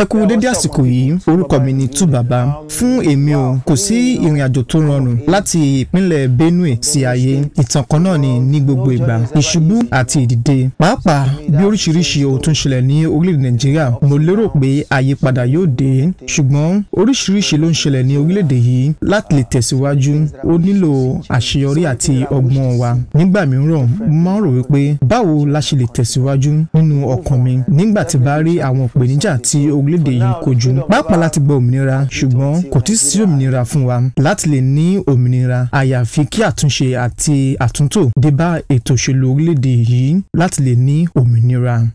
ẹ kú dédé àsìkò yìí orúkọ mi ni tú bàbá fún èmi o kò sí ìrìn àjò tó rọrùn láti ìpínlẹ̀ Benue sí ayé ìtàn náà ni ní gbogbo ìgbà ìṣubú àti ìdìde pàápàá bí oríṣiríṣi òtún ṣẹlẹ̀ ní orílẹ̀-èdè Nàìjíríà mo lérò pé àyípadà yóò dé ṣùgbọ́n oríṣiríṣi ló ń ṣẹlẹ̀ ní orílẹ̀-èdè yìí láti lè tẹ̀síwájú ó nílò àṣeyọrí àti ọgbọ́n wa nígbà mìíràn mo máa ń rò wípé báwo la ṣe lè tẹ̀síwájú nínú ọkàn mi nígbà tí bá rí àwọn ìpèníjà tí orílẹ̀ orílẹ̀-èdè yìí kojú pàápàá láti gba òmìnira ṣùgbọ́n kò tí sí òmìnira fún wa láti lè ní òmìnira àyàfi kí àtúnṣe àti àtúntò dé bá ètò òṣèlú orílẹ̀-èdè yìí láti lè ní òmìnira.